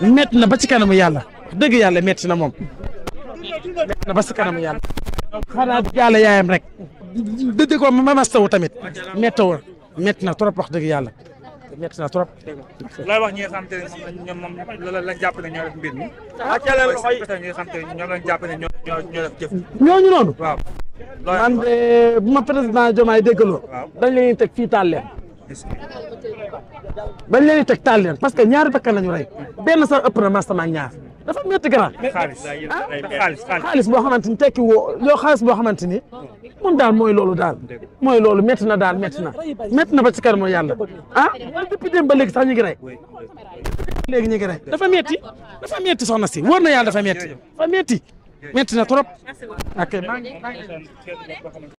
metti na ba ci kanamu yàlla wax dëgg yàlla metti na moom metti na ba ci yàlla xanaa yàlla yaayam rek dëgg ko ma mastawu tamit mettawul na trop wax dëgg yàlla metti na trop. looy wax ñi nga xam te ne ñoom moom lañ jàpp ne ñoo def mbir mi. ñi nga xam te ne ñooñu noonu. waaw man de bu ma dañ leen teg fii taal bañ leen di teg taal leen parce que ñaari bakkan lañu rey benn sax ëpp na mastamaa ñaar dafa métti garaan. xaalis xaalis xaalis boo xamante ni tekki woo loo xaalis boo xamante ni mun daal mooy loolu daal mooy loolu métti na daal métti na métti na ba ci kar mooy yàlla ah depuis dem ba léegi sax ñu ngi rey léegi ñu ngi rey dafa métti dafa métti soxna si wóor na yàlla dafa métti dafa métti métti na trop ok